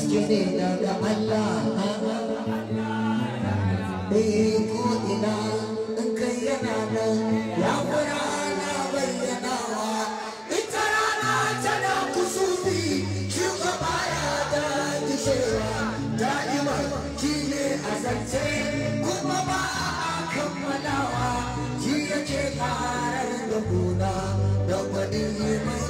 gaske ne daga Allah eh ko ina in kai yana nan ya fara na bayyanawa ita rana tana kusufi shi ga baya da dishewa da'imar ki ne a zance kuma ba a kammalawa ki yake karar da gona da gwani mai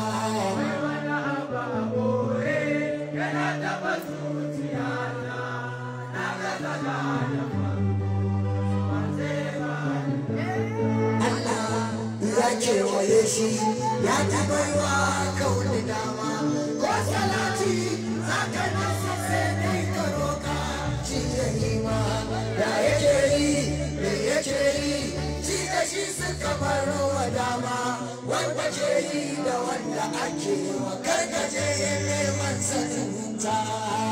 kewaye shi ya ta baiwa kauni dama ko salati za ka nasa sai dai ka roka shi da hima ya yake yi da yake yi shi da shi suka faro wa dama wanda ke yi da wanda ake yi wa karkace ya neman sa.